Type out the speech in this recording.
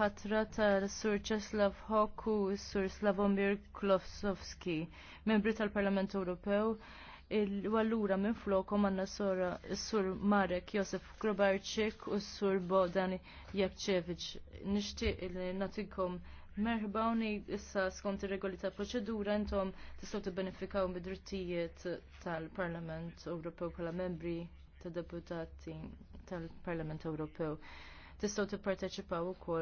ħatra tal-Sur Czeslaw Hock u Sur Slavomir Klosowski, membri tal-Parlament Ewropew, il-wallura minn flokom għanna sora Sur Marek Josef Grobarczyk u Sur Bodan Jakċevic. Nishtiq il-natikom merħba u issa skont ir-regoli ta' proċedura intom tistgħu tibbenefikaw mid-drittijiet tal-Parlament Ewropew bħala membri ta' deputati tal-Parlament Ewropew. Tistgħu tipparteċipaw ukoll